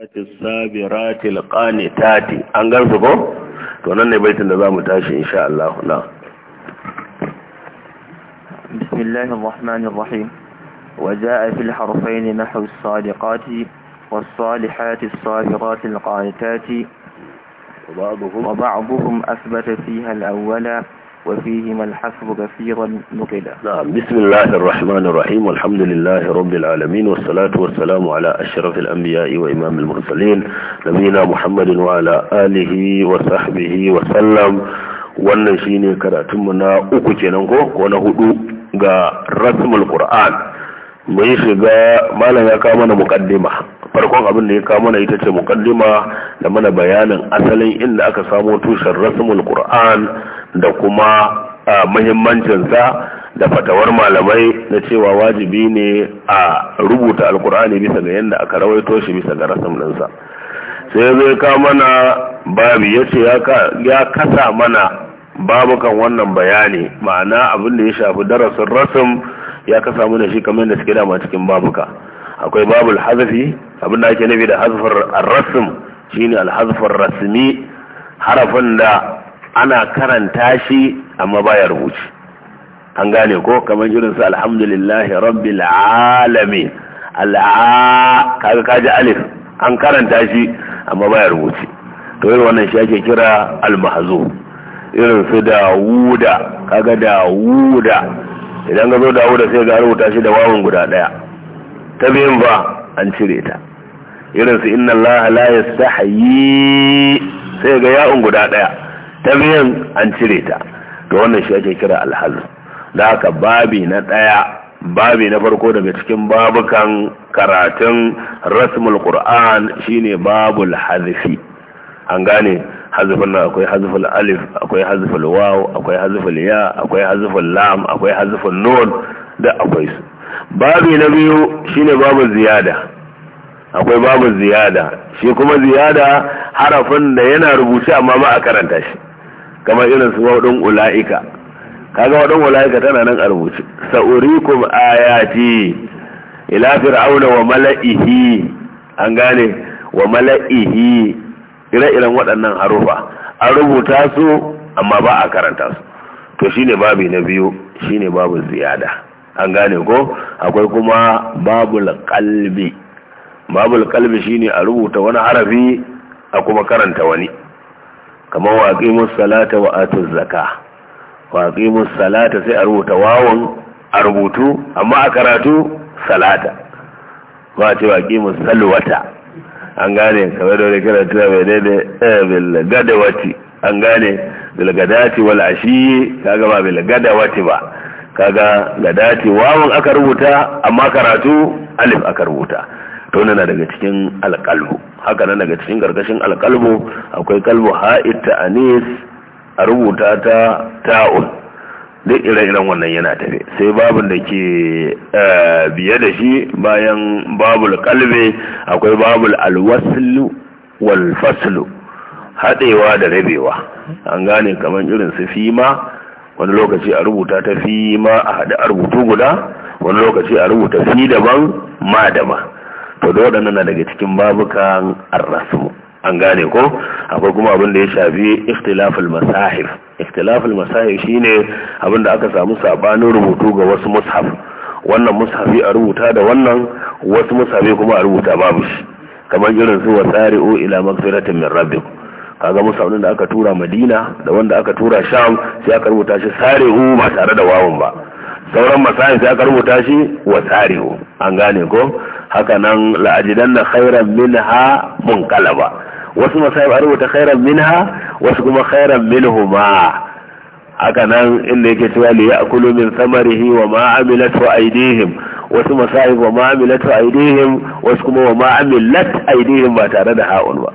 السابرات القانتات an gansu ko to nan ne baitin da zamu tashi insha Allah na bismillahir rahmanir وجاء في الحرفين نحو الصادقات والصالحات الصابرات القانتات وبعضهم, وبعضهم أثبت فيها الأول وفيهما الحسب كثيرا نقلا نعم بسم الله الرحمن الرحيم والحمد لله رب العالمين والصلاة والسلام على أشرف الأنبياء وإمام المرسلين نبينا محمد وعلى آله وصحبه وسلم wannan shine karatunmu na uku kenan ko ko na hudu ga rasmul qur'an mun shiga malam ya kawo mana muqaddima farkon abin da ya kawo mana ita ce mukaddima da mana bayanin asalin inda aka samo tushen rasmul qur'an da kuma muhimmancinsa da fatawar malamai na cewa wajibi ne a rubuta alkur'ani bisa ga yadda aka rawaito shi bisa ga rasamlinsa sai zai kawo mana babi ya ce ya kasa mana babukan wannan bayani ma'ana abin da ya shafi darasin rasim ya kasa mana shi kamar da suke dama cikin babuka akwai babul hazafi abinda ake nufi da hazfar rasm shine alhazfar rasmi harafin da ana karanta shi amma baya rubuci an gane ko kamar irin su alhamdulillahi rabbil alamin al'a kaji alif an karanta shi amma baya rubuci to irin wannan shi ake kira al-mahzu irin su dawuda kaga dawuda idan ga zo dawuda sai ga rubuta shi da wawan guda daya ta biyun ba an cire ta irin su inna Allah la yastahi sai ga ya'un guda daya ta biyan an cire ta to wannan shi ake kira alhal da haka babi na daya babi na farko daga cikin babukan karatun rasmul qur'an shine babul hazfi an gane hazfin nan akwai hazful alif akwai hazful waw akwai hazful ya akwai hazful lam akwai hazful nun da akwai su babi na biyu shine babu ziyada akwai babu ziyada shi kuma ziyada harafin da yana rubuce amma ba a karanta shi kamar irin su wadun ula'ika kaga wadun ula'ika tana nan a rubuce sa'urikum ayati ila fir'auna wa mala'ihi an gane wa mala'ihi ire-iren waɗannan harufa an rubuta su amma ba a karanta su to shine babi na biyu shine babu ziyada an gane ko akwai kuma babul kalbi babul kalbi shine a rubuta wani harafi a kuma karanta wani kamar waqimu salata wa atuz zakah waqimu salata sai a rubuta wawan a rubutu amma a karatu salata ba ce waqimu salwata an gane kamar da wani karatu mai daidai bil gadawati an gane bil gadati wal ashi kaga ba bil gadawati ba kaga ga dace wawan aka rubuta amma karatu alif aka rubuta to na daga cikin alqalbu haka nan daga cikin gargashin alqalbu akwai kalbu ha ta anis a rubuta ta ta'un duk ire-iren wannan yana tafe sai babin da ke eh, biye da shi bayan babul kalbe akwai babul alwaslu wal faslu haɗewa da rabewa an gane kamar irin su fima wani lokaci a rubuta ta fi ma a haɗa a rubutu guda wani lokaci a rubuta fi daban ma ma to da waɗannan na daga cikin babukan arrasmu an gane ko akwai kuma abin da ya shafi ikhtilaful masahif ikhtilaful masahif shine abin da aka samu sabanin rubutu ga wasu mushaf wannan mushafi a rubuta da wannan wasu mushafi kuma a rubuta babu shi kamar irin su wasari'u ila magfiratin min rabbikum kaga musafin da aka tura madina da wanda aka tura sham sai aka rubuta shi sari'u ba tare da wawun ba sauran masayin sai aka rubuta shi wa sari'u an gane ko haka nan la'ajidan na khairan minha munqalaba wasu masayin an rubuta khairan minha wasu kuma khairan minhuma haka nan inda yake cewa li ya'kulu min samarihi wa ma amilatu aydihim wasu masayin wa ma amilatu aydihim wasu kuma wa ma amilat aydihim ba tare da ha'un ba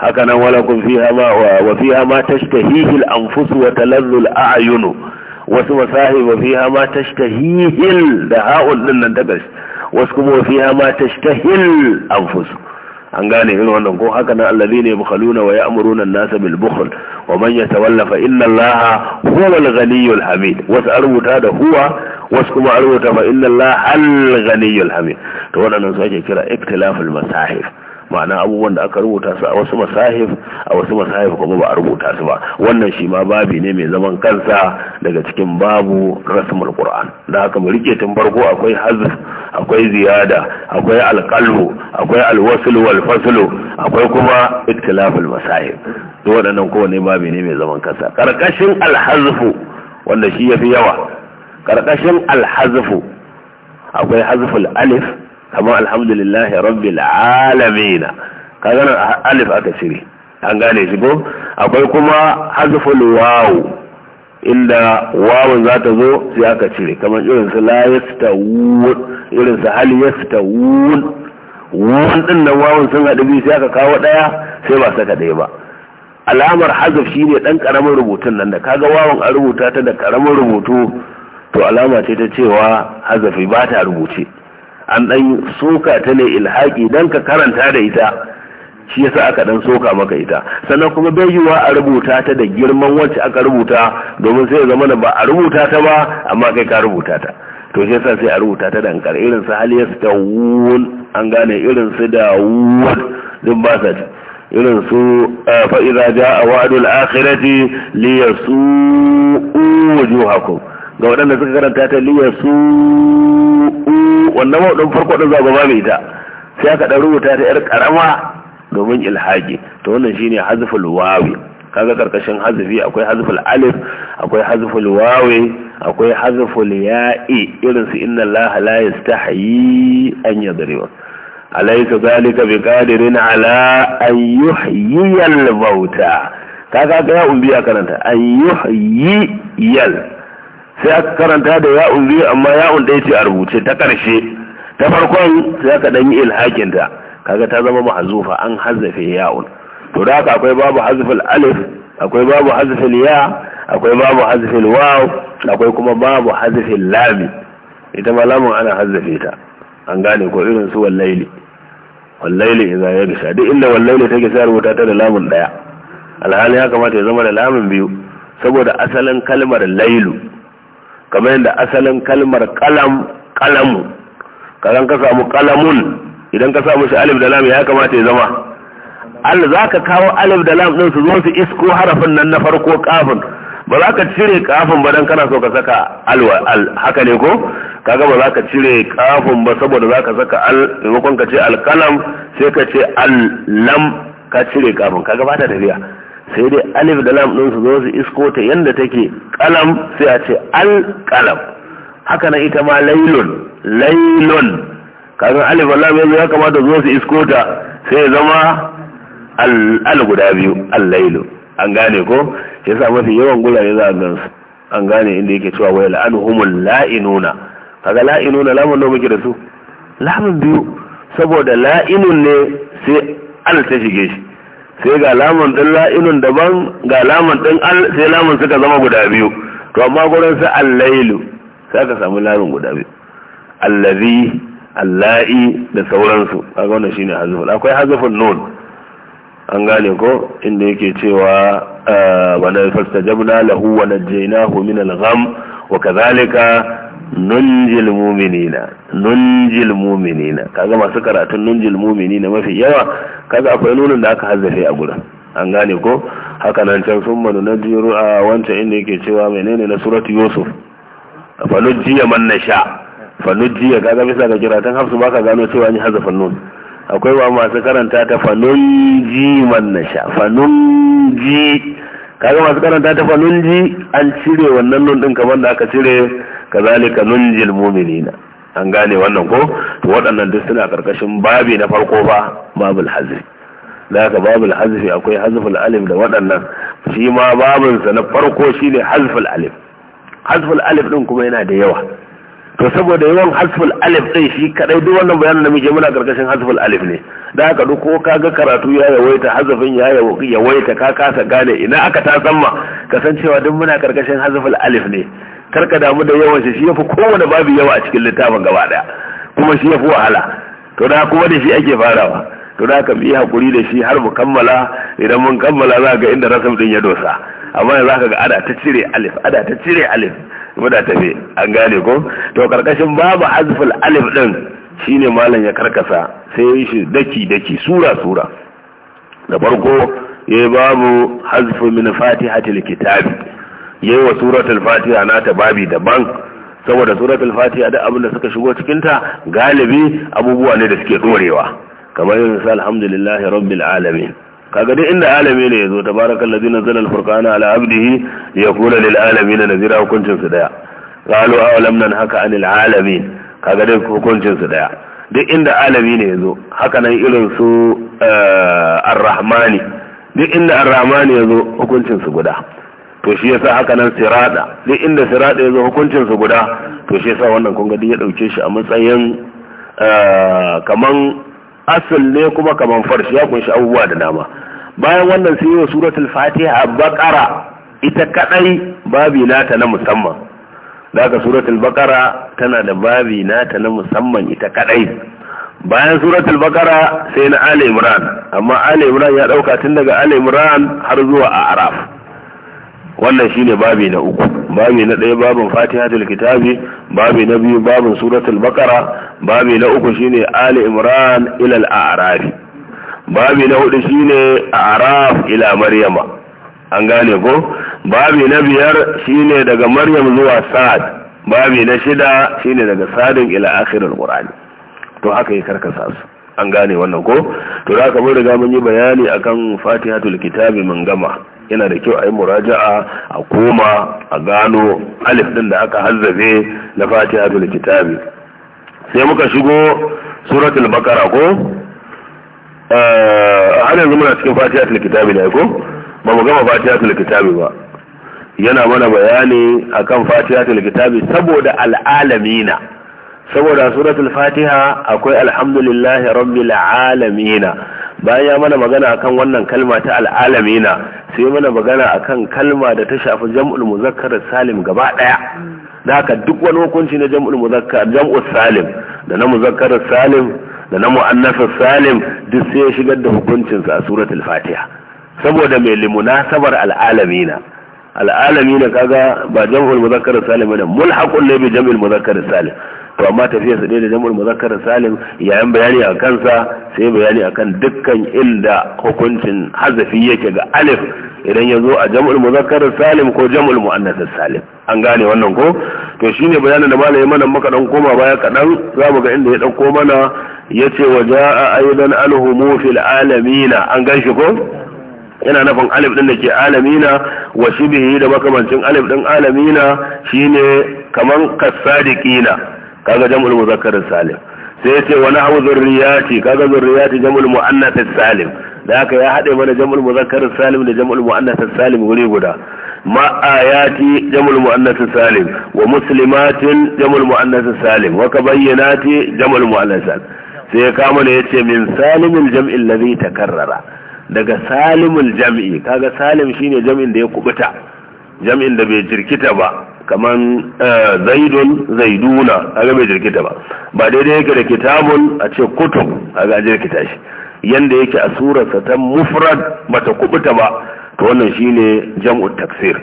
haka nan walakun fi hama wa fiha ma tashtahihi al-anfus wa taladdu al-a'yun wasu masahib wa fi hama fiha ma tashtahihi da ha'ul din nan tagas wasu kuma wa fiha ma tashtahil anfus an gane irin wannan ko haka nan alladhina yabkhaluna wa ya'muruna an-nasa bil bukhl wa man yatawalla fa inna allaha huwa al-ghaniyyul hamid wasu an arbuta da huwa wasu kuma an arbuta fa inna allaha al-ghaniyyul hamid to wannan su ake kira ikhtilaful masahib ma'ana abubuwan da aka rubuta su a wasu masahif a wasu masahif kuma ba a rubuta su ba wannan shi ma babi ne mai zaman kansa daga cikin babu rasmul qur'an da haka mu rike tun farko akwai hazf akwai ziyada akwai alqalbu akwai alwasl wal fasl akwai kuma iktilaful masahif duk waɗannan kowane babi ne mai zaman kansa karkashin alhazfu wanda shi yafi yawa karkashin alhazfu akwai hazful alif kamar alhamdulillahi rabbil alamin kaga nan alif aka cire an gane shi ko akwai kuma hazful wawu inda wawun za zo sai aka cire kamar irin su la yastawun irin su hal yastawun wun din nan wawun sun hadu biyu sai aka kawo ɗaya sai ba saka ɗaya ba alamar hazaf shine ɗan ƙaramin rubutun nan da kaga wawun an rubuta ta da ƙaramin rubutu to alama ce ta cewa hazafi ba ta rubuce an ɗan soka ta ne ilhaki, don ka karanta da ita shi yasa aka ɗan soka maka ita sannan kuma bai yiwa a rubuta ta da girman wacce aka rubuta domin sai zama ba a rubuta ta ba amma kai ka rubuta ta to shi yasa sai a rubuta ta da ankar irin su hali su da wun an gane irin su da wun duk ba sa ta irin su eh, fa'iza ja a wadul akhirati li yasu wujuhakum ga waɗanda suka karanta ta liya su wannan maɗin farko ɗin zagaba mai ta sai aka ɗan rubuta ta 'yar ƙarama domin ilhaji ta wannan shi shine hazful wawi kaga karkashin hazfi akwai hazful alif akwai hazful wawi akwai hazful ya'i irin su inna layis ta hayi an yadriba alaisa zalika biqadirin ala an yuhyiya yal bauta kaga ga ya a karanta an yal. sai aka karanta da ya'un biyu amma ya'un ɗaya ce a rubuce ta ƙarshe ta farkon sai aka ɗan yi ilhakinta kaga ta zama ma'azufa an hazafe ya'un to da haka akwai babu hazafin alif akwai babu hazafin ya akwai babu hazafin waw akwai kuma babu hazafin lami ita ma lamun ana hazafe ta an gane ko irin su wallaili wallaili idza yagsha duk inda wallaili take sai rubuta ta da lamun daya alhali ya kamata ya zama da lamun biyu saboda asalin kalmar lailu kamar yadda asalin kalmar kalam kalamu kazan ka samu kalamun idan ka samu shi alif da lam ya kamata ya zama al za ka kawo alif da lam din su zo su isko harafin nan na farko kafin ba za ka cire kafin ba dan kana so ka saka alwa al haka ne ko kaga ba za ka cire kafin ba saboda za ka saka al maimakon ka ce kalam sai ka ce al-lam ka cire kafin kaga ba ta tafiya sai dai alif da lam su zo su isko ta yadda take kalam sai a ce al-kalam haka nan ita ma lailun lailun kafin alif da lam yanzu ya kamata zo su isko ta sai zama al guda biyu al allailu an gane ko ya sa mafi yawan gurare za a gansu an gane inda yake cewa wai la'anuhumul la'inuna kaga la'inuna lamun nawa muke da su lamun biyu saboda la'inun ne sai al ta shige shi sai ga lamun ɗin la'inun daban ga lamun ɗin al sai lamun suka zama guda biyu to amma gurin sa allailu sai ka samu lamun guda biyu allazi alla'i da sauransu kaga wannan shine hazful akwai hazful nun an gane ko inda yake cewa ah, wa na fastajabna lahu wa najaynahu min al-gham wa kadhalika nunjil muminina nunjil muminina kaga masu karatun nunjil muminina mafi yawa kaga akwai nunin da aka hazzafe a gurin an gane ko haka nan can sun manu na jiru a wancan inda yake cewa menene na suratu yusuf fanujiya man na sha fanujiya kaga bisa ga kiratun hafsu baka gano cewa an yi hazafin nun akwai ba masu karanta ta fanunji man na sha fanunji kaga masu karanta ta fanunji an cire wannan nun din kamar da aka cire kazalika nunjil mu'minina an gane wannan ko to waɗannan duk suna karkashin babi na farko ba babul hazri da haka babul hazri akwai hazful alif da waɗannan shi ma babun sa na farko shine hazful alif hazful alif din kuma yana da yawa to saboda yawan hazful alif din shi kadai duk wannan bayanin da muke muna karkashin hazful alif ne da haka duk ko kaga karatu ya yawaita hazafin ya yawaita ka kasa gane ina aka ta zamma kasancewa duk muna karkashin hazful alif ne kar ka damu da yawan shi yafi kowane babu yawa a cikin littafin gaba daya kuma shi yafi wahala to da kuma da shi ake farawa to da ka yi hakuri da shi har mu kammala idan mun kammala za ga inda rasul din ya dosa amma yanzu zaka ga ada ta cire alif ada ta cire alif da tafi an gane ko to karkashin babu azful alif din shine malam ya karkasa sai ya shi daki daki sura sura da farko yayi babu hazfu min fatihatil kitabi yayi wa suratul fatiha nata babi daban saboda suratul fatiha da abin da suka shigo cikin ta galibi abubuwa ne da suke dorewa kamar yin sa alhamdulillahi rabbil alamin kaga dai inda alame ne yazo tabarakallazi nazzala alfurqana ala abdihi yakuna lil alamin nazira hukuncin su daya qalu aw lam nanhaka anil alamin kaga dai hukuncin su daya duk inda alami ne yazo haka nan irin su eh, arrahmani duk inda arrahmani yazo hukuncin su guda to shi yasa haka nan sirada duk inda sirada ya zo hukuncin su guda to shi yasa wannan kun ya dauke shi a matsayin eh, kaman asal ne kuma kaman farshi ya kunshi abubuwa da dama bayan wannan sai wa suratul fatiha baqara ita kadai babi nata na musamman da haka suratul baqara tana da babi nata na musamman ita kadai bayan suratul baqara sai na ali imran amma ali imran ya dauka tun daga ali imran har zuwa a araf wannan shine babi na uku babi na ɗaya babin fatihatul kitabi babi na biyu babin suratul baqara babi na uku shine ali imran ila al-a'raf babi na hudu shine a'raf ila maryama an gane ko babi na biyar shine daga maryam zuwa sa'ad babi na shida shine daga sadin ila akhirul qur'ani to haka yi karkasa su an gane wannan ko to da aka mun riga mun yi bayani akan fatihatul kitabi mun gama yana da kyau a yi muraja'a a koma a gano alif din da aka hazzabe na fatihatul kitabi sai muka shigo suratul bakara ko a eh, har yanzu muna cikin fatihatul kitabi ne ko ba mu gama fatihatul kitabi ba yana mana bayani akan fatihatul kitabi saboda al'alamina saboda suratul fatiha akwai alhamdulillahi rabbil alamina bayan ya mana magana akan wannan kalma ta al'alamina sai mana magana akan kalma da ta shafi jam'ul muzakkar salim gaba daya da haka duk wani hukunci na jam'ul muzakkar jam'ul salim da na muzakkar salim da na muannas salim duk sai ya shigar da hukuncin sa a suratul fatiha saboda mai limunasabar al'alamina al'alamina kaga ba jam'ul muzakkar salim ne mulhaqun ne bi jam'ul muzakkar salim to amma tafiyar sa da jam'ul muzakkar salim yayin bayani a kansa sai bayani akan dukkan inda hukuncin hazafi yake ga alif idan yazo zo a jam'ul muzakkar salim ko jam'ul muannath salim an gane wannan ko to shine bayanin da malai mana muka dan koma baya kadan mu ga inda ya dauko mana yace wa jaa aidan alhumu fil alamina an ganshi ko yana nufin alif din da ke alamina wa shibihi da makamancin alif din alamina shine kaman kasadikina kaga jam'ul muzakkar salim sai ya ce wani hau zurriyati kaga zurriyati jam'ul mu'annath salim da haka ya hade mana jam'ul muzakkar salim da jam'ul mu'annath salim guri guda ma'ayati jam'ul mu'annath salim wa muslimatin jam'ul mu'annath salim wa kabayyinati jam'ul mu'annath salim sai ya kama ne yace min salimil jam'il ladhi takarrara daga salimul jam'i kaga salim shine jam'in da ya kubuta jam'in da bai jirkita ba kaman eh, zaidun zaiduna a bai jirkita ba ba daidai yake da kitabun a ce kutub a ga jirkita shi yanda yake a surarsa ta mufrad bata kubuta ba to wannan shine jam'u taksir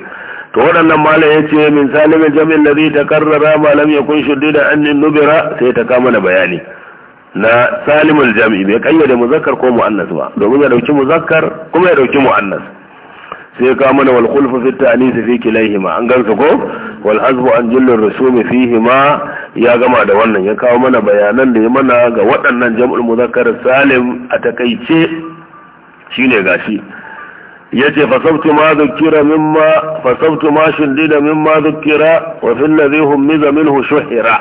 to waɗannan malam ya ce min salimin jami'in da zai takarrara malam ya kun shuddi da annin nubira sai ta kama na bayani na salimul jami'i bai kayyade muzakkar ko mu'annas ba domin ya dauki muzakkar kuma ya dauki mu'annas sai ka mana wal khulfu fi ta'nisi fi kilayhima an gansa ko wal hazbu an jullu rusumi fihima ya gama da wannan ya kawo mana bayanan da ya mana ga waɗannan jam'ul muzakkar salim a takaice shine gashi yace sabtu ma dhukira mimma sabtu ma shindida mimma dhukira wa fil ladhi humiza minhu shuhira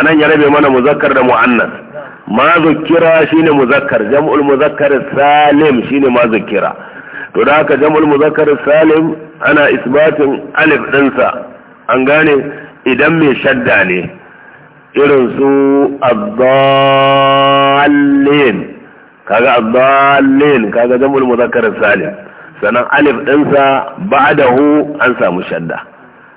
anan ya rabe mana muzakkar da muannas ma dhukira shine muzakkar jam'ul muzakkar salim shine ma dhukira to da haka jamul muzakkar salim ana isbatin alif dinsa an gane idan mai shadda ne irin su abdallin kaga abdallin kaga jamul muzakkar salim sannan alif ɗinsa ba'dahu an samu shadda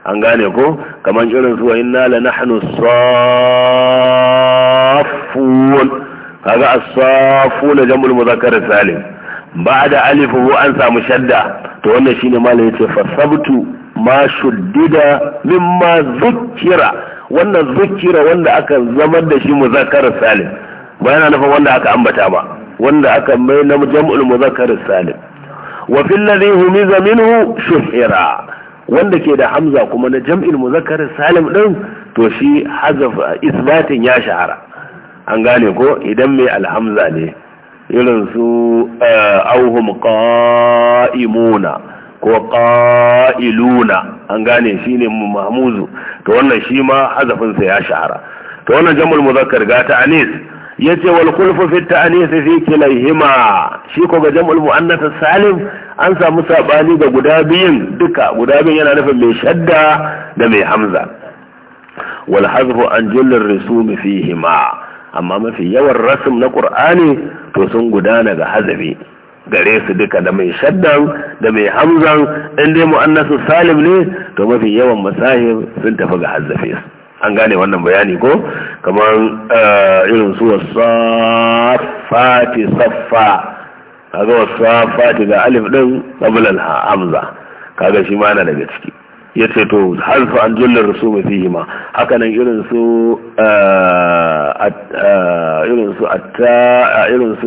an gane ko kamar irin su wa inna la nahnu saffun kaga as-saffun jamul muzakkar salim ba da alifu an samu shadda to wannan ne malam ce fasabtu ma shuddida mimma zukira wannan zukira wanda aka zamar da shi muzakarar salim ba yana wanda aka ambata ba wanda aka mai na jam'ul muzakarar salim wa fil ladhi humiza minhu shuhira wanda ke da hamza kuma na jam'il muzakarar salim din to shi hazaf isbatin ya shahara an gane ko idan mai alhamza ne irin su eh, auhum qa'imuna ko qa'iluna an gane shine mahmuzu to wannan shi ma hazafin sa ya shahara to wannan jamul muzakkar ga ta anis yace wal khulfu fi ta'anis fi kilayhima shi ko ga jamul muannath salim an samu sabani ga guda biyun duka guda biyun yana nufin mai shadda da mai hamza wal hazfu an jullir rusum fihima amma mafi yawan rasim na ƙur'ani to sun gudana ga hazabi gare su duka da mai shaddan da mai hamzan in dai mu'annasu salim ne to mafi yawan masahib sun tafi ga su. an gane wannan bayani ko kamar eh, irin su wasafati saffa kaga wasafati ga alif din qabla al hamza kaga shi ma na daga ciki ya ce to harfi an jullar rasu fi hima hakanan irin su uh, uh, irin ta uh,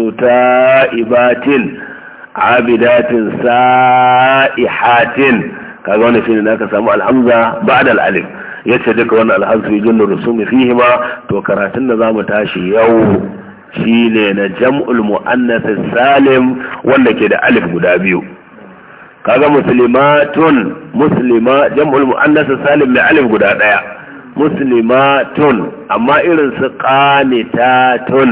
ibatin abidatin sa'ihatin kaga wani shi ne na ka samu alhamza ba da al'alif ya ce duka wani jullar rasu hima to karatun da za mu tashi yau shi ne na jam'ul mu'annasin salim wanda ke da alif guda biyu kaga muslimatun muslima jam'ul muannas salim mai alif guda daya muslimatun amma irin su qanitatun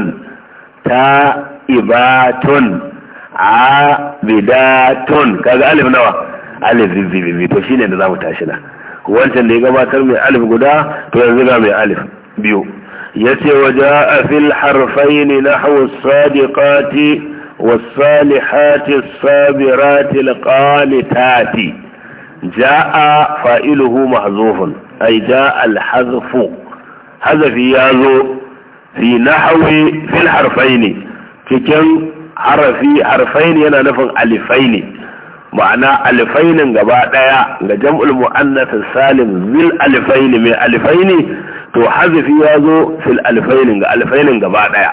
a bidatun kaga alif nawa alif bibi to shine da zamu tashi na wancan da ya gabatar mai alif guda to yanzu ga mai alif biyu yace waja fil harfain nahwu sadiqati والصالحات الصابرات القانتات جاء فائله محذوف أي جاء الحذف حذف يازو في نحو في الحرفين كم حرفي حرفين أنا نفهم ألفين معنى ألفين جباة يا لجمع المؤنث السالم بالألفين من ألفين تو حذف يازو في الألفين ألفين جباة يا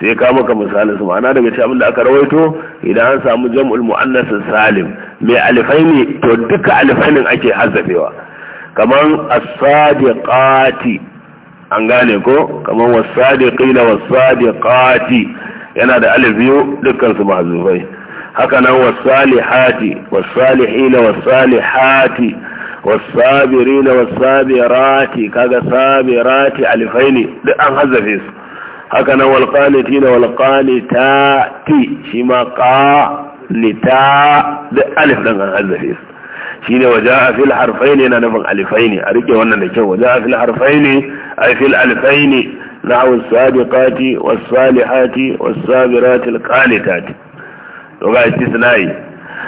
sai ka maka misalin su ma'ana daga cikin da aka rawaito idan an samu jam'ul mu'annas salim mai alifaini to duka alifainin ake hazzafewa kaman as-sadiqati an gane ko kaman was-sadiqina was-sadiqati yana da alif biyu dukkan su mahzufai haka nan was-salihati was-salihina was-salihati was-sabirina was-sabirati kaga sabirati alifaini duk an hazafe su haka nan walƙaniti na walƙanita ti shi ma ƙanita da alif ɗan an hazafe su shi ne waje a fil harfai ne na nufin alifai ne a rike wannan da kyau waje a fil harfai ne a fil alifai ne na hawan sabiqati wasalihati wasabirati alqanitati to ga istisnai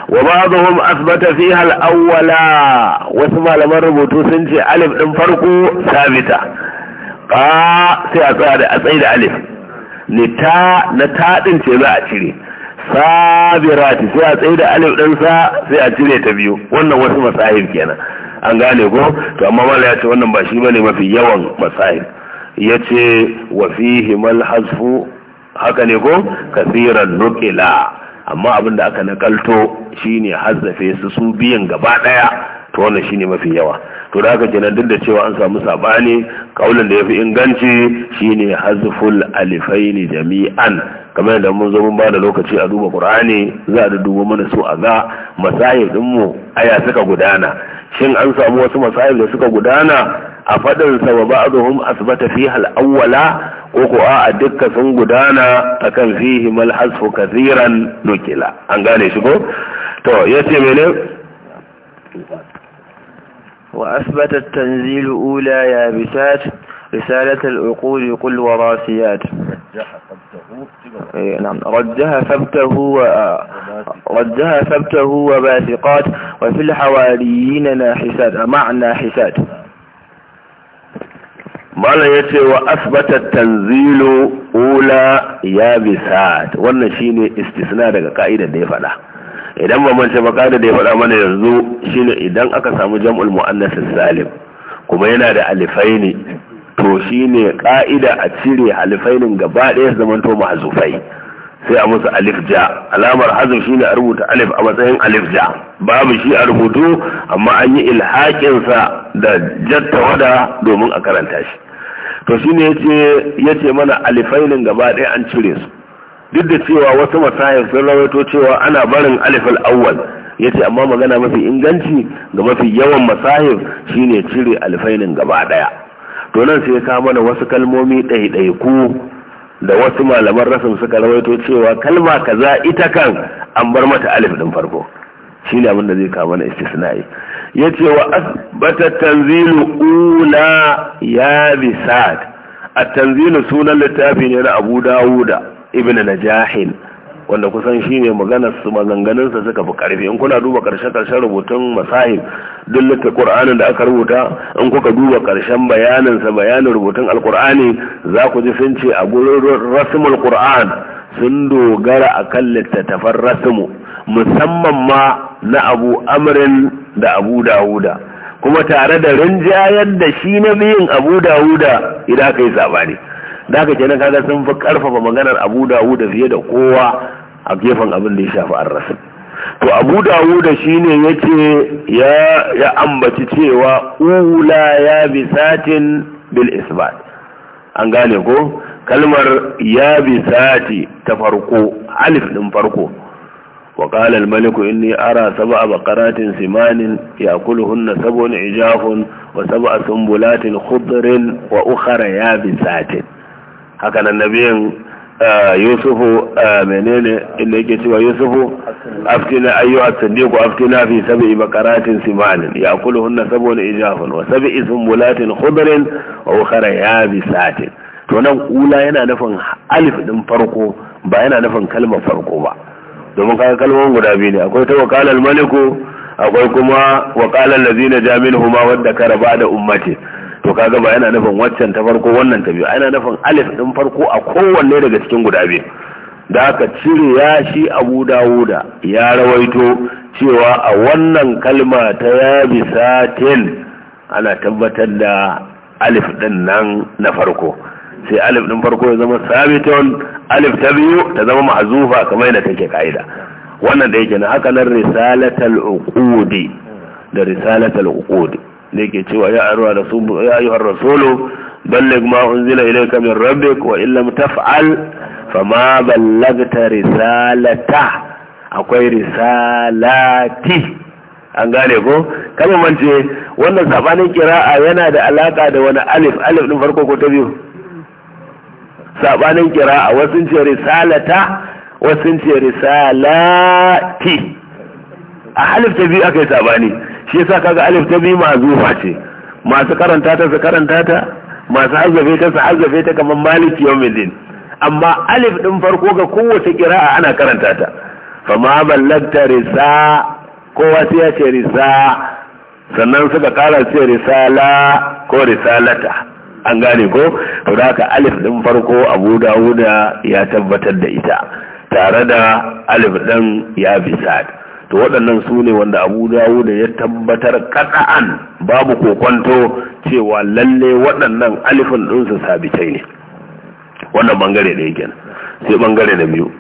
wa ba'dhum athbata fiha al-awwala wasu malaman rubutu sun ce alif ɗin farko sabita ƙa sai a tsaya da a tsaye da alif na taɗin ce za a cire sabirati sai a tsaye da alif ɗansa sai a cire ta biyu wannan wasu masahib kenan an gane ko to amma mala ya ce wannan ba shi bane mafi yawan masahib ya ce wa fihi hasfu haka ne ko kasiran nukila amma abin da aka nakalto shine hazafe su su biyan gaba daya to wannan shine mafi yawa to da haka kenan duk da cewa an samu sabani kaulin da yafi inganci shine hazful alifaini jami'an kamar yadda mun zo mun ba da lokaci a duba qur'ani za a duba mana su a ga masayib mu aya suka gudana shin an samu wasu masayib da suka gudana a fadin sa wa ba'dhum asbata fiha al-awwala ko ko a dukkan sun gudana akan fihi mal hasfu kathiran nukila an gane shi ko to yace mene وأثبت التنزيل أولى يابسات رسالة الأقول كل وراثيات ردها فبته رجها فبته وباثقات وفي الحواريين ناحسات معنى حسات قال يتي وأثبت التنزيل أولى يابسات والنشين استثناء لك ديفنا idan ba mance ba kada da ya faɗa mana yanzu shine idan aka samu jam'ul mu'annas salim kuma yana da alifaini to shine ka'ida a cire alifainin gaba ɗaya zamanto mahzufai sai a musu alif ja alamar hazin shine a rubuta alif a matsayin alif ja babu shi a rubutu amma an yi ilhaƙinsa da jatta wada domin a karanta shi to shine yace yace mana alifainin gaba ɗaya an cire su duk da cewa wasu masayin sun rawaito cewa ana barin alif al-awwal yace amma magana mafi inganci ga mafi yawan masahir shine cire alfainin gaba daya to nan sai ka mana wasu kalmomi ɗaiɗaiku da wasu malaman rasul suka rawaito cewa kalma kaza ita kan an bar mata alif din farko shine abin da zai ka mana istisna'i yace wa asbata tanzilu ula ya bisad at-tanzilu sunan littafi ne na Abu Dawuda ibn najahin wanda kusan shine ne su maganganunsa suka fi karfi in kuna duba ƙarshen karshen rubutun masahib duk littafin ƙur'ani da aka rubuta in kuka duba ƙarshen bayanin sa bayanin rubutun alqur'ani za ku ji sun ce a gurin rasmul qur'an sun dogara a kan littattafan rasmu musamman ma na abu amrin da abu dawuda kuma tare da rinjayar da shi na biyun abu dawuda idan aka yi sabani da haka kenan kaga sun fi karfafa maganar abu dawuda fiye da kowa a gefen abin da ya shafi arrasul to abu dawuda shine yace ya ya ambaci cewa ula ya bi satin bil isbat an gane ko kalmar ya bi sati ta farko alif din farko wa qala al maliku inni ara sab'a baqaratin simanin yakuluhunna sab'un ijafun wa sab'a sumbulatin khudrin wa ukhra ya bi satin haka nan nabiyin eh, yusufu eh, menene inda yake cewa yusufu aftina ayyu as-siddiqu aftina fi sab'i baqaratin simanin ya'kuluhunna sab'un ijafun wa sab'i sumbulatin khudrin wa bi satin? to nan kula yana nufin alif din farko ba yana nufin kalmar farko ba domin kaga kalmomin guda biyu ne akwai ta wakalar maliku akwai kuma waqala jami'in jaminhuma wadda kara ba'da ummati to ka gaba yana nufin waccan ta farko wannan ta biyu yana nufin alif ɗin farko a kowanne daga cikin guda biyu da aka cire ya shi abu dawuda ya rawaito cewa a wannan kalma ta ya bisatin ana tabbatar da alif din nan na farko sai alif din farko ya zama sabitun alif ta biyu ta zama ma'azufa kamar yadda take ka'ida wannan da yake na haka nan risalatul uqudi da risalatul uqudi da yake cewa ya ayyuhar rasulu ballig ma unzila ilayka min rabbik wa illam taf'al ma ballagta risalata akwai risalati an gane ko kamar mance wannan sabanin kira'a yana da alaka da wani alif alif din farko ko ta biyu sabanin kira'a wasu ce risalata wasu ce risalati a alif ta biyu aka yi sabani shi yasa kaga alif ta biyu ma'zufa ce masu karanta ta su karanta ta masu hazzafe ta su hazzafe ta kamar maliki yawmiddin amma alif din farko ga kowace qira'a ana karanta ta ma ballagta risa kowa sai ya ce risa sannan suka kara ce risala ko risalata an gane ko to da alif din farko abu dawuda ya tabbatar da ita tare da alif din ya bisad to waɗannan su ne wanda abu dawo da ya tabbatar kada'an babu kokonto cewa lalle waɗannan alifin ɗinsu sabitai ne wannan bangare da yake sai bangare da biyu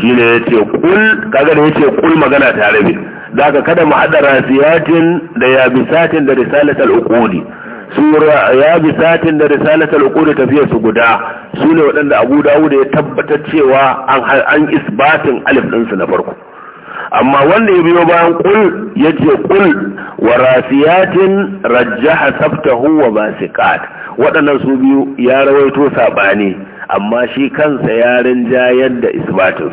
shi ne ya ce kul kaga da ya ce kul magana tare bi da ka kada mu haɗa rasiyatin da ya bi satin da risalatar uqudi sura ya bi satin da risalatar uqudi tafiya su guda su ne waɗanda abu dawo da ya tabbatar cewa an isbatin alif ɗinsu na farko amma wanda ya biyo bayan kul yace kul wa rafiyatin rajjaha sabtahu wa basiqat waɗannan su biyu ya rawaito sabani amma shi kansa ya rinja da isbatin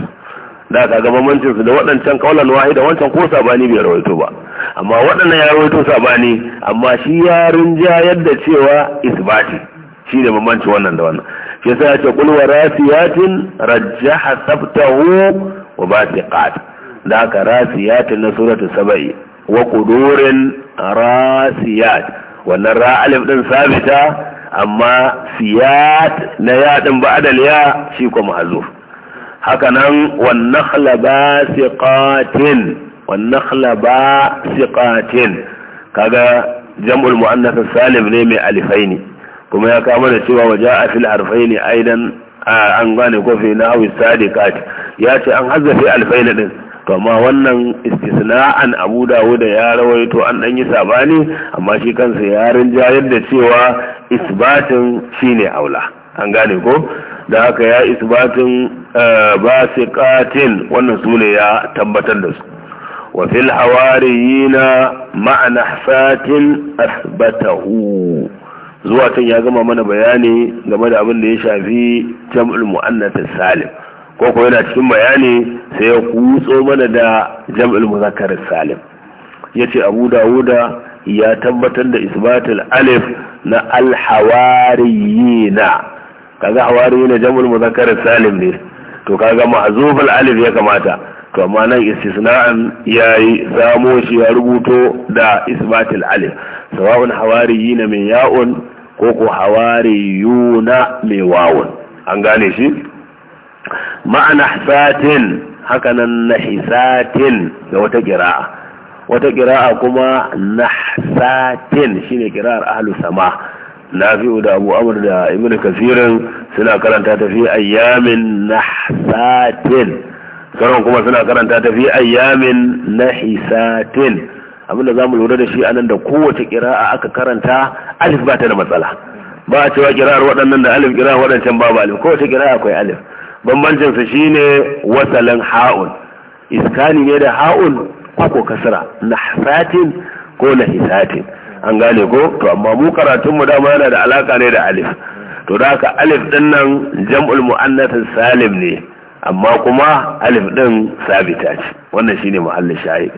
da ka ga bambancin su da waɗancan kaulan wahida wancan ko sabani bai rawaito ba amma waɗannan ya rawaito sabani amma shi ya rinja da cewa isbati shi ne mamanci wannan da wannan shi yasa ya ce kul wa rafiyatin rajjaha sabtahu wa basiqat da aka rasiyat na suratu saba'i wa kudurin rasiyat wannan ra'alif ɗin sabita amma siyat na ya din ba'dal ya shi ko ma'zuf haka nan wan ba basiqatin wan nakhla basiqatin kaga jam'ul muannath salim ne mai alifaini kuma ya kama da cewa waje a fil harfaini aidan an gane ko fi na sadiqat ya ce an hazzafe alfaini din to amma wannan istisna'an abu dawuda ya rawaito an dan yi sabani amma shi kansa ya rinjayar da cewa isbatin shine aula an gane ko da haka ya isbatin eh, basiqatin wannan sune ya tabbatar da su wa fil hawariyina ma'ana fatin asbatahu zuwa can ya gama mana bayani game da abin da ya shafi jam'ul mu'annath salim ko ko yana cikin bayani sai ya kutso mana da jam'il muzakkar salim yace abu dawuda ya tabbatar da isbatul alif na alhawariyina kaga hawariyina jam'ul muzakkar salim ne to kaga ma'zuful alif ya kamata to amma nan istisna'an yayi samo shi ya rubuto da isbatul alif sawa'un hawariyina min ya'un ko ko hawariyuna mai wawun an gane shi ma'ana satin hakanan nahisatin ga wata kira'a wata kira'a kuma nahsatin shine kira'ar ahlus sama na fi'u da abu amr da ibnu kasirin suna karanta ta fi ayyamin nahsatin sauran kuma suna karanta ta fi ayyamin nahisatin abinda zamu lura da shi anan da kowace kira'a aka karanta alif ba ta da matsala ba a cewa kira'ar waɗannan da alif kira'ar waɗancan ba alif kowace kira'a akwai alif bambancinsa shine wasalin ha'un iskani ne da ha'un ko ko na satin ko hisatin an gane ko to amma mu karatun mu dama yana da alaka ne da alif to da alif din nan jam'ul muannath salim ne amma kuma alif din sabita ce wannan shine muhallin shahid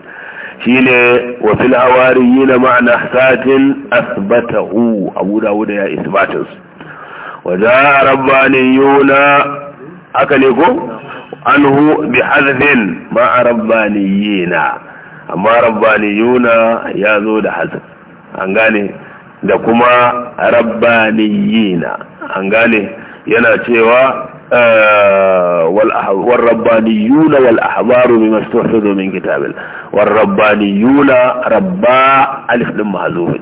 shine wa yi na ma'ana satin asbatahu abu dawud ya isbatus wa za rabbaniyuna haka ne ko anhu bi hadhin ma rabbaniyina amma rabbaniyuna ya zo da hadhin an gane da kuma rabbaniyina an gane yana cewa eh, wal ah, rabbaniyuna wal ahbaru bima stuhfidu min kitabil wal rabbaniyuna rabba alif din mahzufat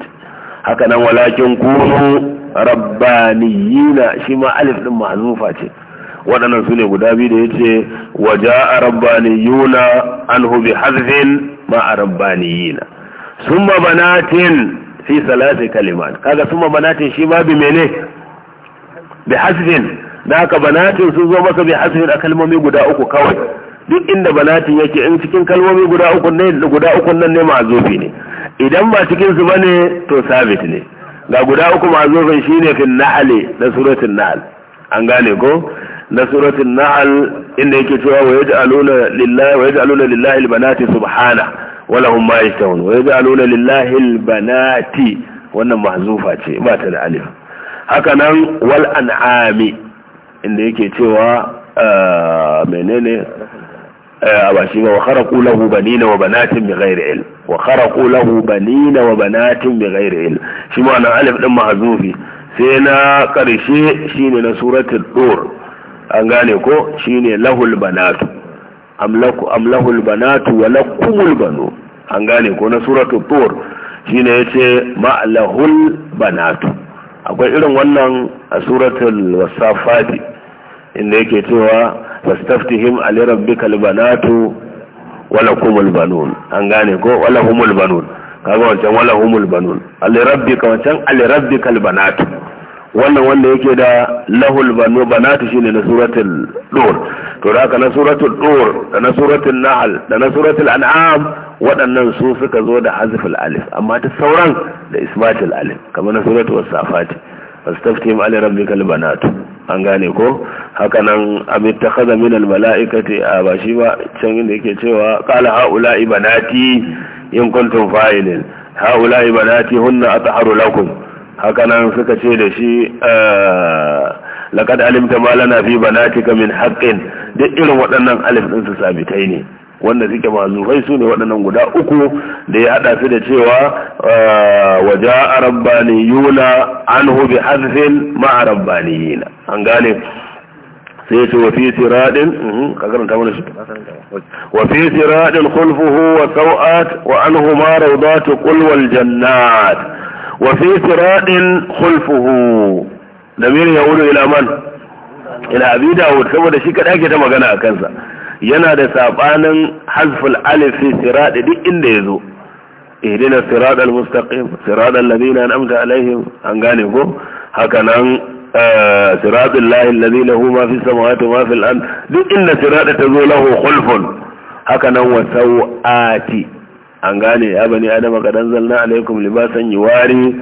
haka nan walakin kunu rabbaniyina shi ma alif din mahzufa ce waɗannan su ne guda biyu da ya ce wa ja'a rabbaniyuna anhu bi hazfin ma'a sun ma banatin fi salasi kalimat kaga ma banatin shi ma bi mene bi hazin da haka banatin sun zo masa bi hazin a kalmomi guda uku kawai duk inda banatin yake in cikin kalmomi guda uku ne guda uku nan ne zofi ne idan ba cikin su bane to sabit ne ga guda uku ma zofin shine fil na'ale da suratul na'al an gane ko na suratun nahl inda yake cewa wa yaj'aluna lillahi wa lillahi albanati subhana wa lahum ma yashtahun wa yaj'aluna lillahi banati wannan mahzufa ce ba ta da alif haka nan wal an'ami inda yake cewa ah, menene a ah, ba shi ba wa kharaqu lahu banina wa banatin bi ghairi ilm wa kharaqu lahu banina wa banatin bi ghairi ilm shi ma na alif din mahzufi sai na karshe ne na suratun dur an gane ko shine lahul banatu amlaku amlahul banatu wa lakumul banu an gane ko na suratu tur shine yace ma lahul banatu akwai irin wannan a suratul wasafati inda yake cewa fastaftihim ali rabbikal banatu wa lakumul banun an gane ko wa lahumul banun kaga wancan wa lahumul banun ali rabbika wancan ali rabbikal banatu wannan wanda yake da lahul banu banatu shine na suratul dur to da haka na suratul dur da na suratul nahl da na suratul an'am waɗannan su suka zo da hazful alif amma ta sauran da isbatul alif kamar na suratul wasafat fastaftihim ala rabbikal banatu an gane ko haka nan abin ta kaza min almala'ikati a ba shi ba can inda yake cewa qala haula ibanati in kuntum fa'ilin haula banati hunna ataharu lakum hakanan suka ce da shi ah, laqad alimta ma lana fi banatika min haƙƙin duk irin waɗannan alif din su sabitai ne wanda suke masu mazufai su ne waɗannan guda uku da ya haɗa su da cewa ah, waje a rabbani yuna an hubi hazfin ma'a rabbani yina an gane sai ce wafi siradin mhm, kakaranta wani shi wafi siradin kulfuhu wa sau'at wa an huma raudatu kulwal jannat Wafi siraɗin siradin khulfuhu damir ya wudu ila man ila abi dawud saboda shi kada ake ta magana a kansa yana da sabanin hazful alif fi duk inda yazo ihdina siratal mustaqim siratal ladina an'amta alaihim an gane ko haka nan siratal lahi alladhi lahu ma fi samawati wa ma fil duk inda tazo lahu khulfun haka an gane ya bani adama kadan zalna alaikum libasan yuwari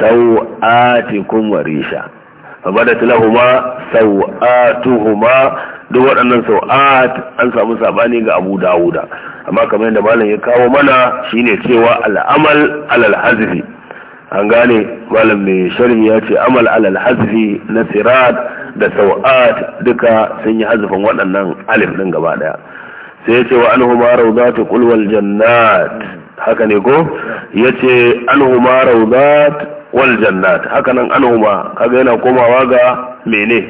sau'atikum wa risha fabadat lahuma sau'atuhuma duk waɗannan sau'at an samu sabani ga Abu Dawuda amma kamar yadda malam ya kawo mana shine cewa al'amal alal hazfi an gane malam mai sharhi ya ce amal alal hazfi na sirat da sau'at duka sun yi hazfin waɗannan alif din gaba daya sai ya ce wa alhumara za ta kulwal jannat haka ne ko yace za ta wal jannat haka nan alhuma kaga yana komawa ga mene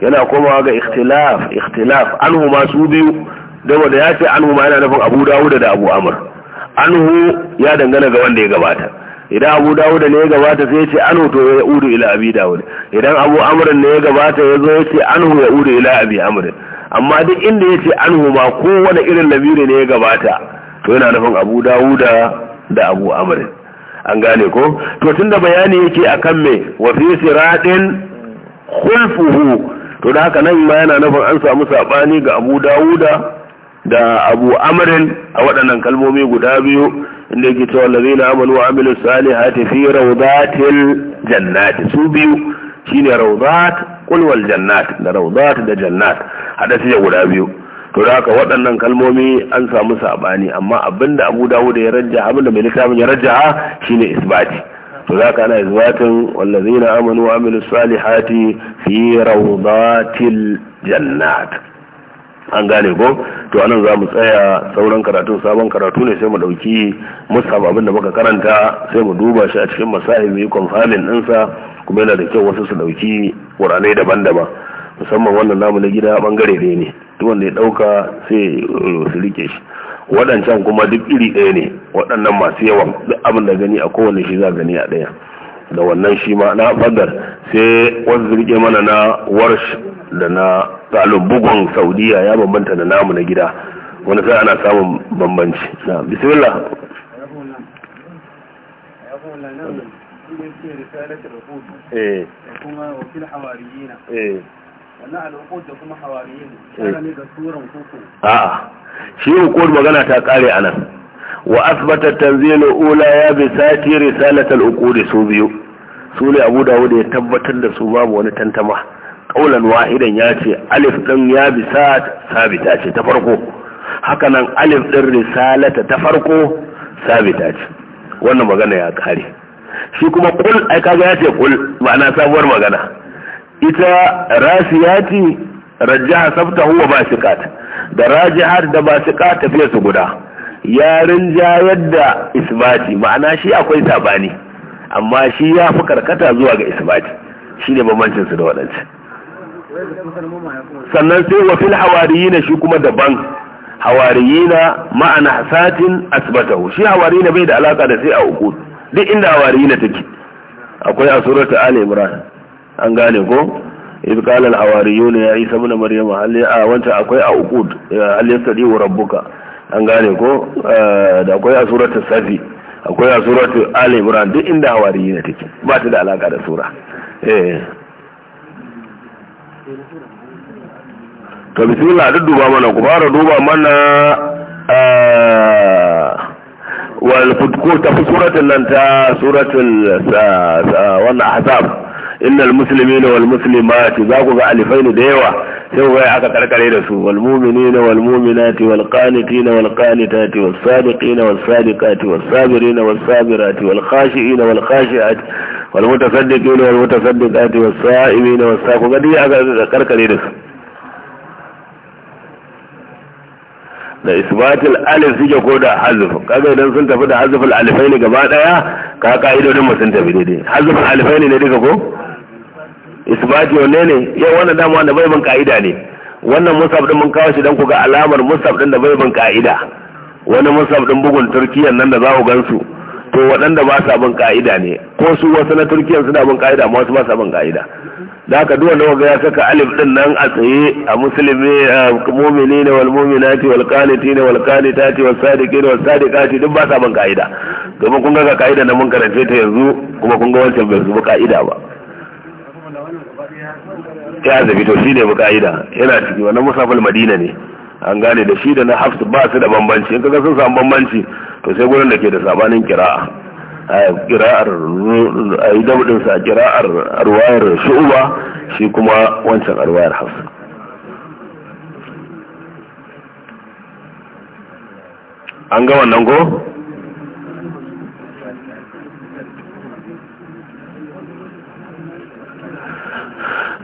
yana komawa ga ikhtilaf ikhtilaf alhuma su biyu dama da ya ce alhuma yana nufin Abu dawuda da Abu Amr anhu ya dangana ga wanda ya gabata idan abu dawuda ne ya gabata sai ya ce anhu to ya udu ila abi dawuda idan abu amr ne ya gabata ya zo ya ce anhu ya udu ila abi amr amma duk inda yace anhuma kowane irin lamiri ne ya gabata to yana nufin Abu Dawuda da Abu Amr an gane ko to tunda bayani yake akan me wa fi siratin khulfuhu to da haka nan ma yana nufin an samu sabani ga Abu Dawuda da Abu Amr a waɗannan kalmomi guda biyu inda yake cewa allazina amalu wa amilu salihati fi rawdatil jannati su biyu shine rawdat kulwal jannat da rawdat da jannat hada su guda biyu to da haka waɗannan kalmomi an samu sabani amma abinda Abu Dawud ya rajja abinda mai littafin ya rajja shine isbati to da haka ana isbatin wallazina amanu wa amilus salihati fi rawdatil jannat an gane ko to anan za mu tsaya sauran karatu sabon karatu ne sai mu dauki musab abin da muka karanta sai mu duba shi a cikin masahibi kwamfalin ɗinsa kuma yana da kyau wasu su dauki wurare daban-daban musamman wannan namu na gida bangare ne ne duk wanda ya dauka sai uh, su rike shi waɗancan kuma duk iri ɗaya ne waɗannan masu yawan duk abin da gani a kowane shi za gani a ɗaya da wannan shi ma na fadar sai wasu su rike mana na warsh da na talib bugun saudiya ya bambanta da namu na gida wani sai ana samun bambanci na bismillah wanda yake da kuma ne ga suran a'a shi magana ta kare anan wa asbata tanzil ula ya bi sati risalat su biyu su ne abu dawud ya tabbatar da su babu wani tantama kaulan wahidan ya ce alif ɗin ya bi sat sabita ce ta farko hakanan alif din risalata ta farko sabita ce wannan magana ya kare shi kuma kul ai kaga ya ce kul ma'ana sabuwar magana ita rasiyati huwa ba wa kata da rajihat da kata fiye su guda yarin ja da isbati ma'ana shi akwai sabani amma shi ya fi karkata zuwa ga isbati ne bambancin su da wadancan sannan sai wa fil hawariyina shi kuma daban na ma'ana satin asbatahu shi hawariyina bai da alaka da sai a uqud duk inda na take akwai a surata ali imran an gane ko idh qala al-hawariyun ya isa ibn maryam hal a wanta akwai a uqud sadi wa rabbuka an gane ko da akwai a surata safi akwai a suratu ali imran duk inda na take ba ta da alaka da sura eh to bismillah duk duba mana ku fara duba mana والفدكور تفي سورة الانتا سورة احزاب إن المسلمين والمسلمات ذاقوا بألفين ديوة سوف يعقد لك الإرسو والمؤمنين والمؤمنات والقانتين والقانتات والصادقين والصادقات والصابرين والصابرات والخاشئين والخاشئات والمتصدقين والمتصدقات والصائمين والصائمين قد يعقد لك الإرسو da isbatul alif suke ko da hazf kaga idan sun tafi da hazful alifain gaba daya ka ka'idodin mu sun tafi daidai hazful alifain ne duka ko isbati wanne ne yau wannan dama wanda bai ban ka'ida ne wannan musab din mun kawo shi dan ku ga alamar musab din da bai ban ka'ida wani musab din bugun turkiyan nan da za ku gansu to waɗanda ba sa bin ka'ida ne ko su wasu na turkiyan suna bin ka'ida amma wasu ba sa bin ka'ida da haka duk wanda ya saka alif din nan a tsaye a musulmi ne wal mu'minati wal ne wal qanitati was sadiqina wal sadiqati duk ba sa ban kaida domin kun ga kaida na mun karance ta yanzu kuma kun ga wancan bai zuba kaida ba ya zabi to shine bu kaida yana ciki wannan musafil madina ne an gane da shi da na hafsu ba su da bambanci in ka ga sun samu bambanci to sai gurin da ke da sabanin kira'a a kira'ar a yi dabdinsa a kira'ar arwayar shu'uba shi kuma wancan arwayar hafsa an ga wannan go?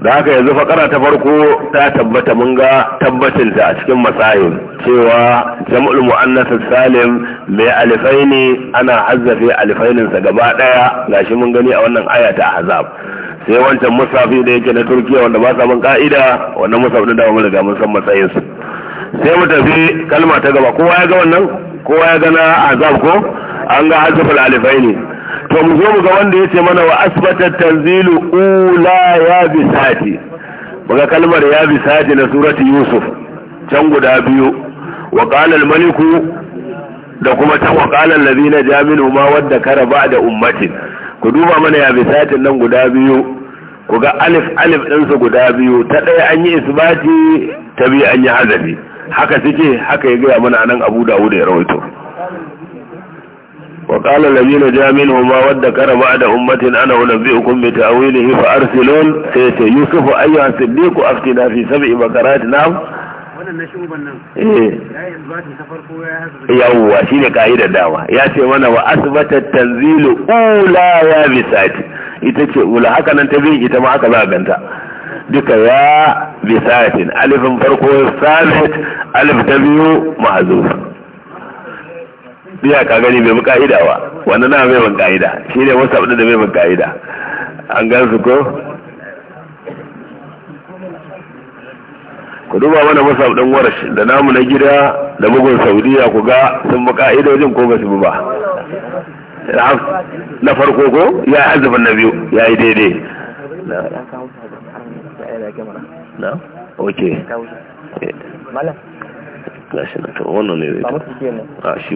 da haka yanzu fakara ta farko ta tabbata mun ga tabbacinta a cikin masahin cewa jam'ul mu'annasa salim mai alifai ne ana hazzafe alifaininsa gaba daya gashi mun gani a wannan aya ta azab sai wancan musafi da yake na turkiya wanda ba sa bin ka'ida wannan musafi da mun riga mun san su sai mu tafi kalma ta gaba kowa ya ga wannan kowa ya ga na azab ko an ga hazzafal alifaini to mu zo mu ga wanda ya ce mana wa asbata tanzilu ula ya bisati muga kalmar ya bisati na surati yusuf can guda biyu wa qala al maliku da kuma ta wa qala allazina jaminu ma wadda kara ba'da ummatin ku duba mana ya bisatin nan guda biyu ku ga alif alif ɗinsu guda biyu ta ɗaya an yi isbati ta biyu an yi hazafi haka suke haka ya gaya mana nan abu dawud ya rawaito وقال الذين جاء منهما وادكر بعد أمة أنا أنبئكم بتأويله فأرسلون سيتي يوسف أيها الصديق أفتنا في سبع بكرات نعم yawwa shi ne ka'idar dama ya ce mana wa asibatar tanzilu ula ya bisati ita ce ula haka ta bin ita ma aka za duka ya bisatin alifin farko sabit alif ta biyu ma'azuf biya ka gani bai bi wa wanda na bai ban ka'ida shi ne wasu abu da bai ban ka'ida an gan su ko ku duba mana wasu abu ɗan warash da namu na gida da bugun saudiya ku ga sun bi wajen ko ba su bi ba na farko ko ya yi azubin na biyu ya yi daidai na ok malam gashi na wannan ne zai a shi gashi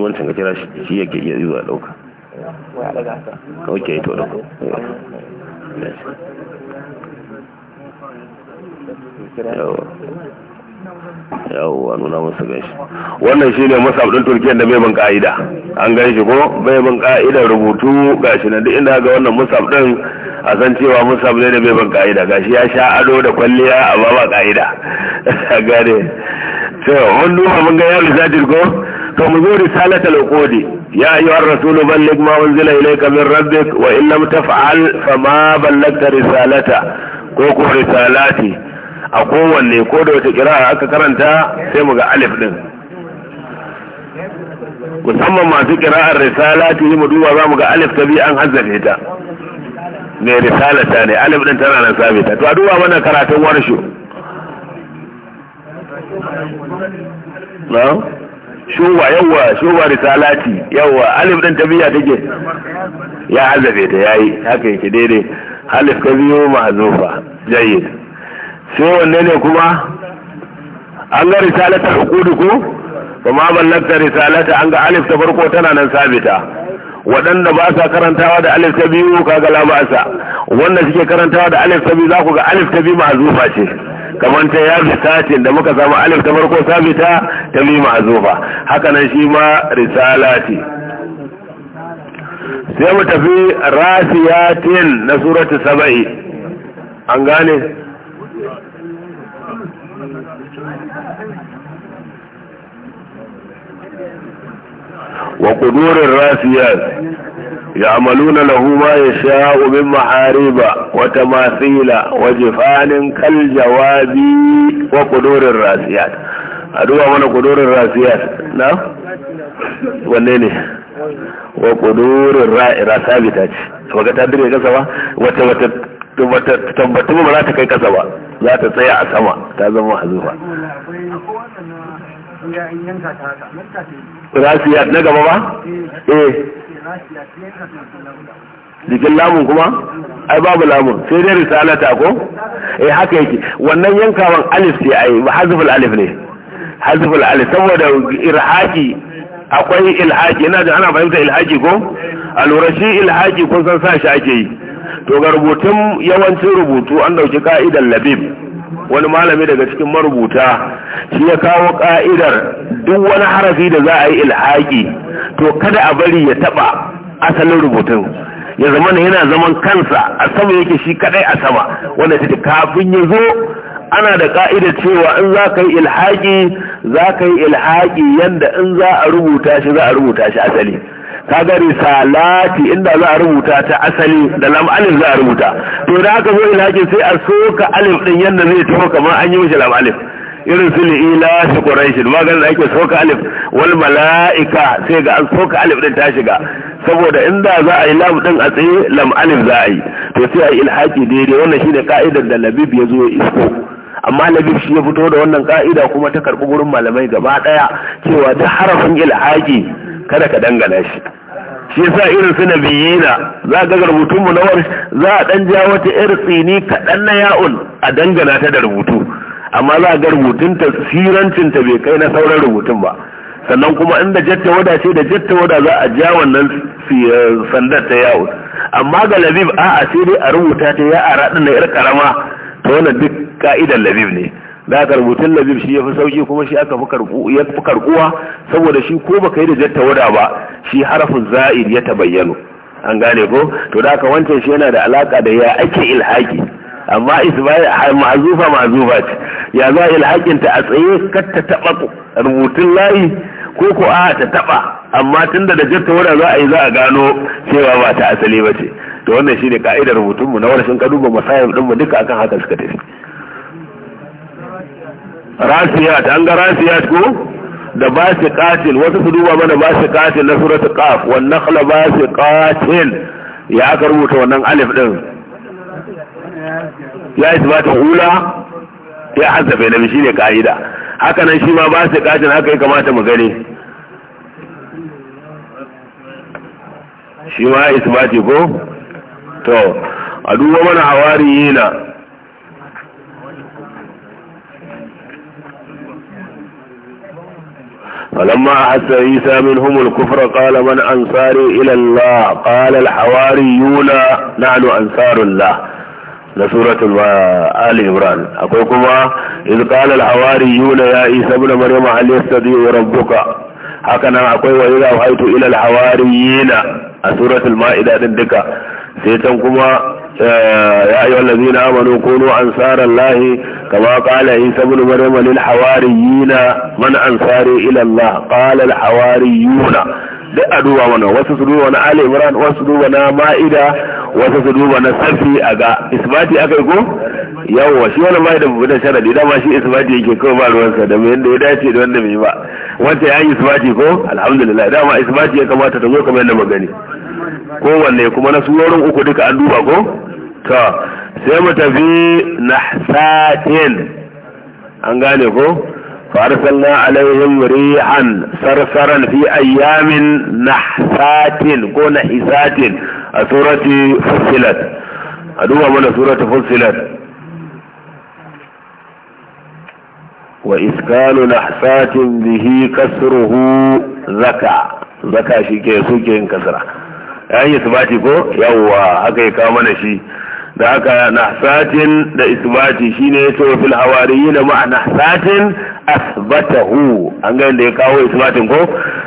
wannan shi ne masu abdun da mai ka'ida an gan shi ko mai ban ka'ida rubutu gashi na duk inda ga wannan musa abdun a san cewa musa ne da mai ban ka'ida gashi ya sha ado da kwalliya a ba ka'ida gane to mun duba mun ga ya risadir ko to mu zo risalat al-uqudi ya ayyuhar rasulu balligh ma unzila ilayka min rabbik wa in lam taf'al fama ballagta risalata ko ko risalati a kowanne ko da wata kira aka karanta sai mu ga alif din musamman masu kira'ar risalati mu duba za mu ga alif ta biyu an hazzafe ta ne risalata ne alif din tana nan sabita to a duba mana karatun warshu na shuwa yawa shuwa risalati yawa alif din tabiya take ya azabe ta yayi haka yake daidai alif ka biyo mahzufa jayyid sai wanne ne kuma an ga risalata hukudu ko kuma mallakta risalata an ga alif ta farko tana nan sabita waɗanda ba sa karantawa da alif ta biyu kaga la ba sa wanda suke karantawa da alif ta biyu za ku ga alif ta biyu ma'azufa ce kamar ta ya satin da muka samu alif ta farko sabita ta mi ma'azufa haka nan shi ma risala ce. sai mu tafi rasiyatin na suratu saba'i an gane wa kudurin rasiyat يعملون له ما يشاء من محاريب وتماثيل وجفان كالجواب وقدور الراسيات أدوى من قدور الراسيات نعم ونيني وقدور الراسابتات وقت أدري كسوا وتوتت tabbatu ba za ta kai kasa ba za ta tsaya a sama ta zama hazufa rasiya na gaba ba eh jikin lamun kuma ai babu lamun sai dai risalata ko eh haka yake wannan yankawan alif sai ai hazful alif ne hazful alif saboda irhaji akwai ilhaji ina da ana fahimta ilhaki ko alurashi ilhaki kun san sa shi ake yi to ga rubutun yawancin rubutu an dauki ka'idar labib wani malami daga cikin marubuta shi ya kawo ka'idar duk wani harafi da za a yi ilhaki to kada a bari ya taɓa asalin rubutun ya zama na yana zaman kansa a sama yake shi kadai a sama wanda ta kafin ya zo ana da ka'idar cewa in za ka yi ilhaki za ka yi ilhaki yadda in za a rubuta shi za a rubuta shi asali kaga risalati inda za a rubuta ta asali da lam alif za a rubuta to da aka zo ilhakin sai a soka alif din yanda zai taho kamar an yi mishi lam alif irin su li'ila shi quraish maganin da ake soka alif wal mala'ika sai ga an soka alif din ta shiga saboda inda za a yi lam din a tsaye lam alif za a yi to sai a yi ilhaki daidai wannan shine ka'idar da labib ya zo ya isko amma labib shi ya fito da wannan ka'ida kuma ta karbi gurin malamai gaba ɗaya cewa duk harafin ilhaki kada ka dangana shi shi yasa irin su na na, za ga rubutun mu na za a dan ja wata yar tsini kaɗan na ya'un a dangana ta da rubutu amma za ga rubutun ta sirancin ta bai kai na sauran rubutun ba sannan kuma inda jatta wada ce da jatta wada za a ja wannan eh, sandar ta yawo amma ga labib a a sai dai a rubuta ta ya a raɗin na yar karama ta wannan duk ka'idar labib ne da aka rubutun lazir shi ya fi sauki kuma shi aka fi karkuwa saboda shi ko baka yi da jatta wada ba shi harafin za'ir ya tabayyano an gane ko to da ka wancan shi yana da alaka da ya ake ilhaki amma isbai ma'azufa ma'azufa ce ya za ilhakin ta a tsaye kar ta taba rubutun layi ko ko a ta taba amma tun da jatta wada za a yi za a gano cewa ba ta asali ba ce to wannan shi ne ka'idar rubutunmu na sun kaduba duba din mu duka akan haka suka tafi rasiyat an ga rasiyat ko da basiqatin wasu su duba mana basiqatin na suratul qaf wan nakhla basiqatin ya aka rubuta wannan alif din ya isbata ula ya hazafe na shine kaida haka nan shi ma basiqatin haka ya kamata mu gani shi ma isbati ko to a duba mana hawariyina فلما أحس عيسى منهم الكفر قال من أنصاري إلى الله قال الحواريون نحن أنصار الله لسورة آل عمران أقولكما إذ قال الحواريون يا عيسى بن مريم هل يستطيع ربك هكذا أقول وإذا أوحيت إلى الحواريين سورة المائدة دكا سيتم يا أيها الذين آمنوا كونوا أنصار الله كما قال عيسى بن مريم للحواريين من أنصاري إلى الله قال الحواريون duk a duba mana wasu su duba na Ali Imran wasu duba na Ma'ida wasu su duba na Safi a ga isbati akai ko yawa shi wani Ma'ida bu da sharadi dama shi isbati yake kawai ba ruwansa da mai yanda ya dace da wanda bai ba wanda ya yi isbati ko alhamdulillah ma isbati ya kamata ta zo kamar yadda magani kowanne kuma na surorin uku duka an duba ko ta sai mu tafi na an gane ko har na alaihim rihan sarsaran fi ayyamin na ko na a surati fusilat a duba mana surati fusilat wa iskalu na satin bihi kasuruhu zaka zaka shi ke suke yin kasura ya yi isbati ko yawwa haka ya kawo mana shi da haka nahsatin da isbati shine ya ce fil hawariyina ma nahsatin asbatahu an ga yadda ya kawo isbatin ko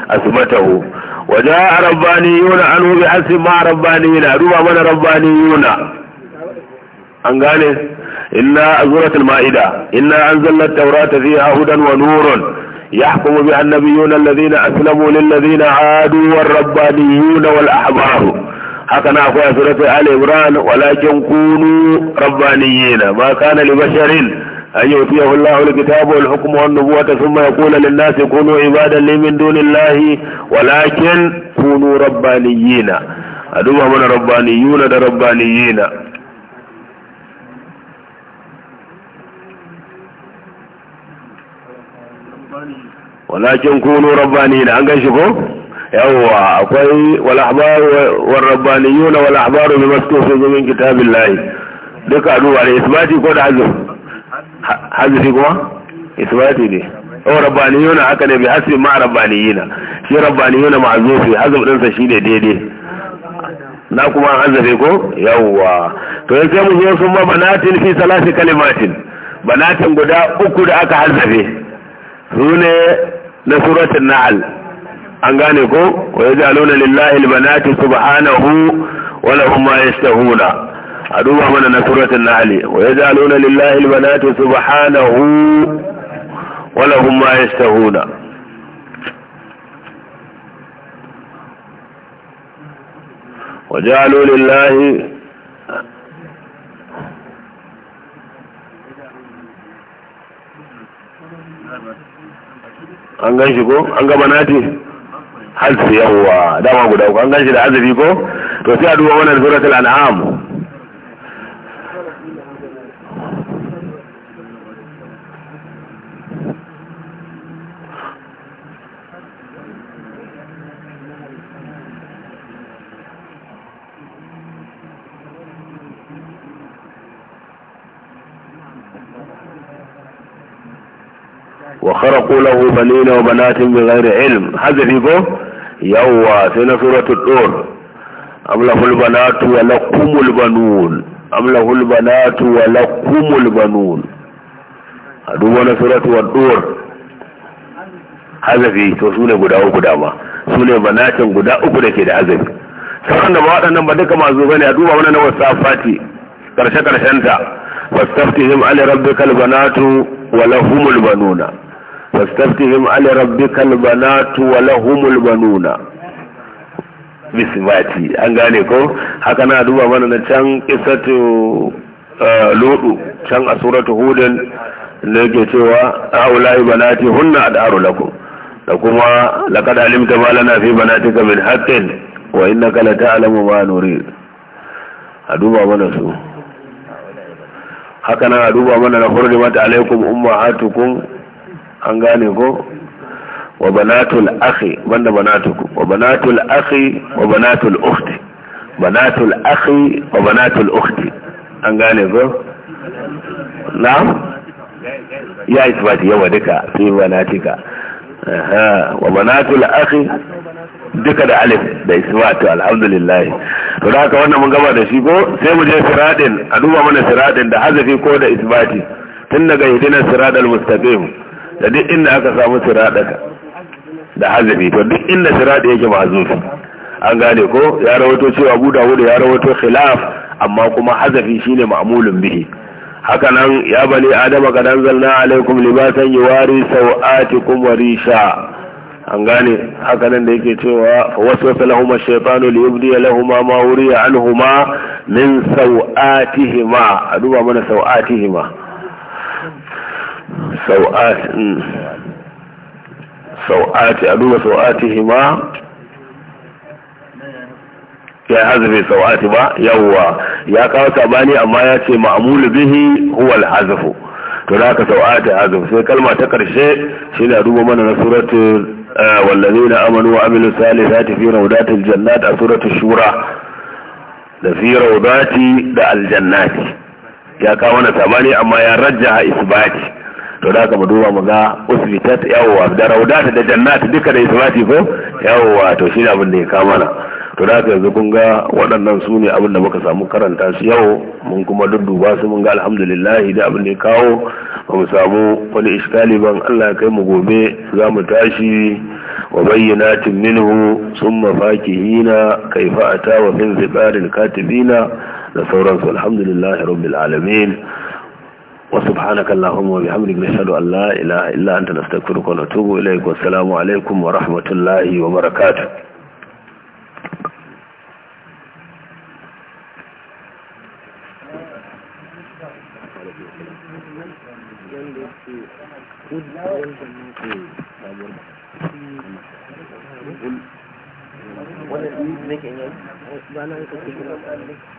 asbatahu وجاء ربانيون عنه بحسب ما ربانيون دوبا من yuna an gane inna azuratul ma'ida inna anzalna at-taurata fiha hudan wa nurun يحكم بها النبيون الذين أسلموا للذين عادوا والربانيون والأحبار هكذا أخوة سورة آل عمران ولكن كونوا ربانيين ما كان لبشر أن يؤتيه الله الكتاب والحكم والنبوة ثم يقول للناس كونوا عبادا لي من دون الله ولكن كونوا ربانيين أدوها من ربانيون ده ربانيين walakin kunu da an ganshi ko yawwa akwai wal ahbar wal rabbaniyun wal ahbar bi maskufu min kitabillahi duka duwa da isbati ko da hazf hazfi kuma isbati ne o oh, rabbaniyun haka ne bi hasbi ma rabbaniyun shi rabbaniyuna ma'zufi hazf din sa shine daidai na kuma an ko yawwa to sai mun yi sun ma banatin fi salati kalimatin banatin guda uku da aka hazfe sune na suratul na'al an gane ko wa yaj'aluna lillahi albanati subhanahu wa lahum ma yashtahuna a mana na suratul na'al wa yaj'aluna lillahi albanati subhanahu wa lahum ma yashtahuna وجعلوا لله an gan shi ko an gaba nati hal yawwa dama guda ko an gan shi da azumi ko to sai a duba wannan suratul an'am farqu lahu banina wa banatin bighairi ilm hazafi ko yawwa sai na suratul tur am lahul banatu wa lakumul banun am lahul banatu wa lakumul banun a duk wani suratul wadur hazafi to sune guda uku dama sune banatin guda uku da ke da hazafi sauran da ba waɗannan ba duka masu bane a duba wani na wasafati karshe karshenta wastafti him ali rabbikal banatu wa lahumul banuna فاستفتهم لربك البنات ولهم البنون bismati an gane ko haka na duba mana na can kisatu lodu can a suratu hudun da yake cewa aulai banati hunna adaru lakum da kuma laqad alimta ma lana fi banatika min haqqin wa innaka la ta'lamu ma nurid a duba mana su haka na duba mana na hurrimat alaikum ummahatukum an gane ko wa banatul akhi banda banatuku wa banatul akhi wa banatul ukhti banatul akhi wa banatul ukhti an gane ko na'am ya isbati yawa duka fi banatika aha wa banatul akhi duka da alif da isbatu alhamdulillah to da haka wannan mun gaba da shi ko sai mu je siradin a duba mana siradin da hazafi ko da isbati tun daga hidinar siradal mustaqim da duk inda aka samu siradaka da hazami to duk inda sirada yake mahzufi an gane ko ya rawato cewa guda wuda ya rawato khilaf amma kuma hazafi shine ma'mulun bihi haka ya bani adama kad anzalna alaikum libasan yuwari sawatikum wa risha an gane haka nan da yake cewa waswasa lahum ash-shaytanu yubdiya lahum ma wuriya anhuma min sawatihima a duba mana sawatihima سوءات سوءات أدوه سوآتهما يا حذف سوآت ما يوى يا قوة أباني أما ياتي معمول به هو الحذف تلاك سوآت حذف سي كلمة تقر الشيء سينا أدوه من سورة آه، والذين أمنوا وعملوا سالثات في رودات الجنات آه، سورة الشورى في رودات الجنات يا kawo na اما amma ya to da mu duba mu ga usbitat yawwa da ra'udata, da jannati, duka da isbati ko yawwa to shi abin da ya kama na to da ka yanzu kun ga waɗannan su ne abin da muka samu karanta su yau mun kuma dudduba su mun ga alhamdulillah da abin da ya kawo ba mu samu wani iskali ban Allah kai mu gobe za mu tashi wa bayyanatin minhu summa fakihina kaifa ata wa min zibarin katibina da sauransu alhamdulillah rabbil alamin وسبحانك اللهم وبحمدك نشهد أن لا إله إلا أنت نستغفرك ونتوب إليك والسلام عليكم ورحمة الله وبركاته Thank you.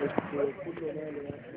Gracias. Este,